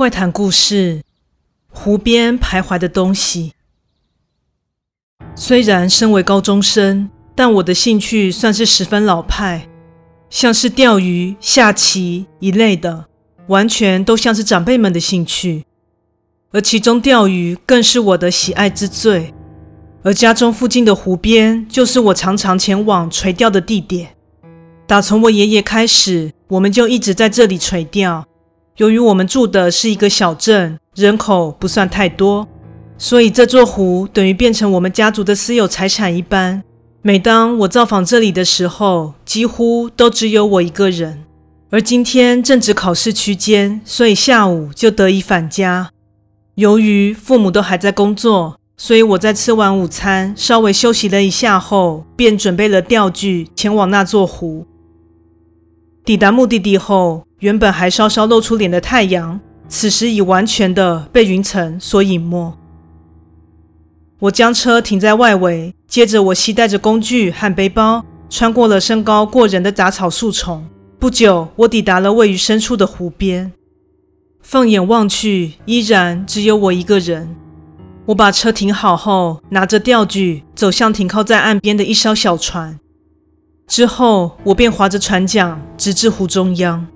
怪談故事，湖邊徘徊的東西。雖然身為高中生，但我的興趣算是十分老派，像是釣魚、下棋一類的，完全都像是長輩們的興趣。而其中釣魚更是我的喜愛之最。而家中附近的湖邊，就是我常常前往垂釣的地點。打從我爺爺開始，我們就一直在這裡垂釣。由於我們住的是一個小鎮，人口不算太多，所以這座湖等於變成我們家族的私有財產一般。每當我造訪這裡的時候，幾乎都只有我一個人。而今天正值考試期間，所以下午就得以返家。由於父母都還在工作，所以我在吃完午餐，稍微休息了一下後，便準備了釣具前往那座湖。抵達目的地後，原本還稍稍露出臉的太陽，此時已完全的被雲層所隱沒。我將車停在外圍，接着我攜帶着工具和背包，穿過了身高過人的雜草樹叢。不久，我抵達了位於深處的湖邊。放眼望去，依然只有我一個人。我把車停好後，拿着釣具走向停靠在岸邊的一艘小船。之後，我便划着船槳，直至湖中央。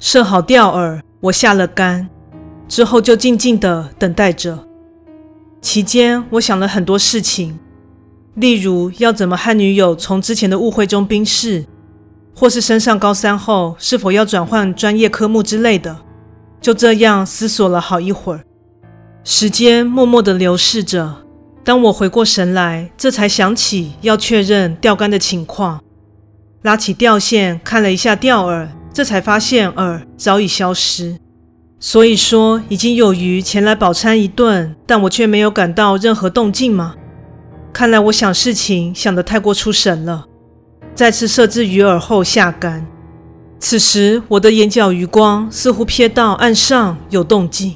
設好釣餌，我下了竿，之後就靜靜的等待着。期間，我想了很多事情，例如要怎麼和女友從之前的誤會中冰釋，或是升上高三後是否要轉換專業科目之類的。就這樣思索了好一會兒，時間默默的流逝着。當我回過神來，這才想起要確認釣竿的情況，拉起釣線，看了一下釣餌。這才發現餌早已消失，所以說已經有魚前來飽餐一頓，但我卻沒有感到任何動靜嗎？看來我想事情想得太過出神了。再次設置魚餌後下杆，此時我的眼角餘光似乎瞥到岸上有動靜，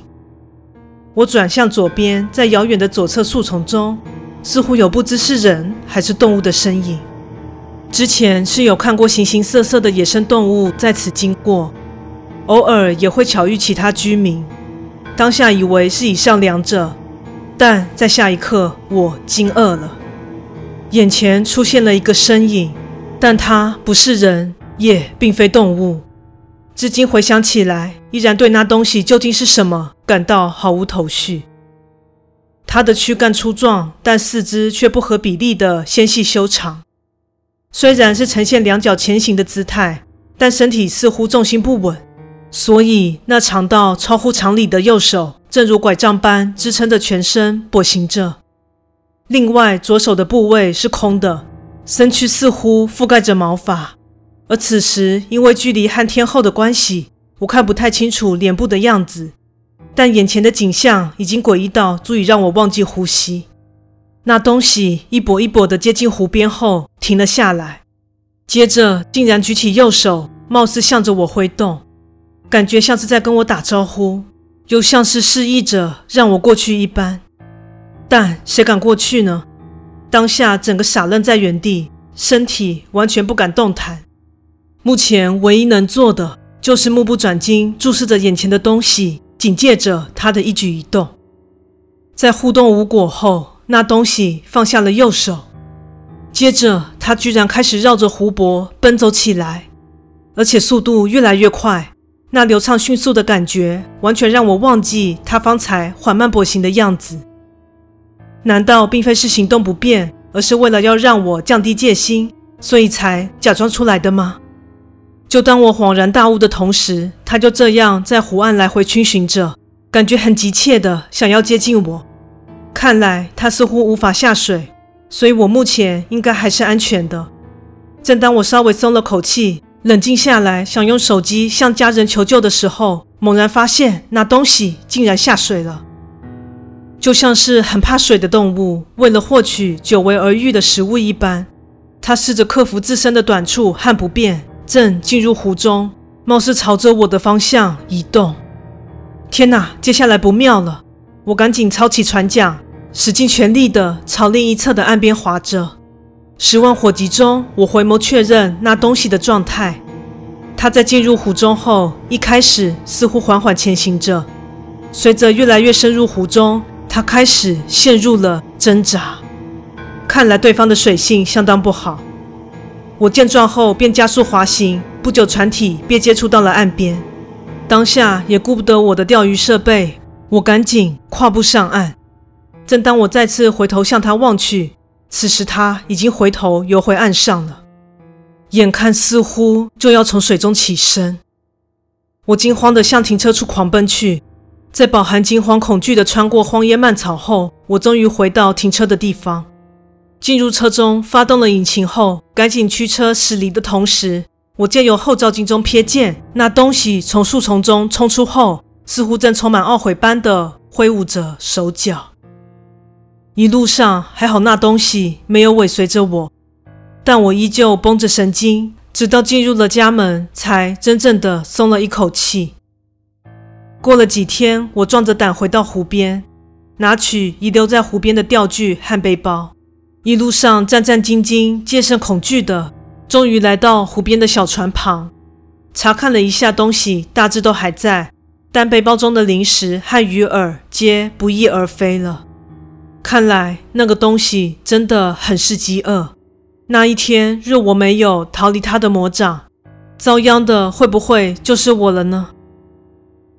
我轉向左邊，在遙遠的左側樹叢中，似乎有不知是人還是動物的身影。之前是有看過形形色色的野生動物在此經過，偶爾也會巧遇其他居民。當下以為是以上兩者，但在下一刻我驚愕了，眼前出現了一個身影，但它不是人，也並非動物。至今回想起來，依然對那東西究竟是什麼感到毫無頭緒。它的軀幹粗壯，但四肢卻不合比例的纖細修長。雖然是呈現兩腳前行的姿態，但身體似乎重心不穩，所以那長到超乎常理的右手，正如拐杖般支撐着全身跛行着。另外，左手的部位是空的，身軀似乎覆蓋着毛髮。而此時，因為距離和天候的關係，我看不太清楚臉部的樣子，但眼前的景象已經詭異到足以讓我忘記呼吸。那東西一跛一跛地接近湖邊後停了下來，接着竟然舉起右手，貌似向着我揮動，感覺像是在跟我打招呼，又像是示意着讓我過去一般。但誰敢過去呢？當下整個傻愣在原地，身體完全不敢動彈。目前唯一能做的就是目不轉睛注視着眼前的東西，警戒着他的一舉一動。在互動無果後，那東西放下了右手，接着他居然開始繞着湖泊奔走起來，而且速度越來越快。那流暢迅速的感覺，完全讓我忘記他方才緩慢跛行的樣子。難道並非是行動不便，而是為了要讓我降低戒心，所以才假裝出來的嗎？就當我恍然大悟的同時，他就這樣在湖岸來回逡巡着，感覺很急切地想要接近我。看來它似乎無法下水，所以我目前應該還是安全的。正當我稍微鬆了口氣，冷靜下來，想用手機向家人求救的時候，猛然發現那東西竟然下水了，就像是很怕水的動物，為了獲取久違而遇的食物一般，它試着克服自身的短處和不便，正進入湖中，貌似朝着我的方向移動。天哪，接下來不妙了！我趕緊抄起船槳。使盡全力地朝另一側的岸邊划着。十萬火急中，我回眸確認那東西的狀態。它在進入湖中後，一開始似乎緩緩前行着，隨着越來越深入湖中，它開始陷入了掙扎。看來對方的水性相當不好。我見狀後便加速劃行，不久船體便接觸到了岸邊。當下也顧不得我的釣魚設備，我趕緊跨步上岸。正當我再次回頭向他望去，此時他已經回頭游回岸上了，眼看似乎就要從水中起身，我驚慌地向停車處狂奔去。在飽含驚慌恐懼地穿過荒煙蔓草後，我終於回到停車的地方，進入車中，發動了引擎後，趕緊驅車駛離的同時，我借由後照鏡中瞥見那東西從樹叢中衝出後，似乎正充滿懊悔般的揮舞着手腳。一路上還好，那東西沒有尾隨着我，但我依舊繃着神經，直到進入了家門，才真正的鬆了一口氣。過了幾天，我壯着膽回到湖邊，拿取遺留在湖邊的釣具和背包，一路上戰戰兢兢、戒慎恐懼的，終於來到湖邊的小船旁，查看了一下東西，大致都還在，但背包中的零食和魚餌皆不翼而飛了。看來那個東西真的很是飢餓。那一天，若我沒有逃離他的魔掌，遭殃的會不會就是我了呢？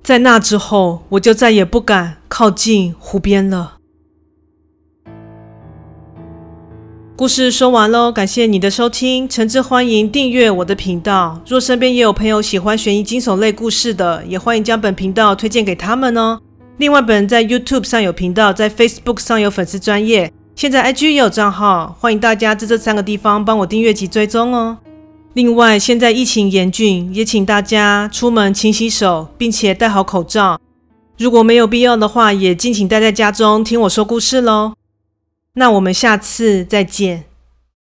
在那之後，我就再也不敢靠近湖邊了。故事說完嘍，感謝你的收聽，誠摯歡迎訂閱我的頻道。若身邊也有朋友喜歡懸疑驚悚類故事的，也歡迎將本頻道推薦給他們哦。另外，本人在 YouTube 上有頻道，在 Facebook 上有粉絲專頁，現在 IG 也有賬號，歡迎大家在這三個地方幫我訂閱及追蹤哦。另外，現在疫情嚴峻，也請大家出門勤洗手，並且戴好口罩。如果沒有必要的話，也敬請待在家中聽我說故事嘍。那我們下次再見。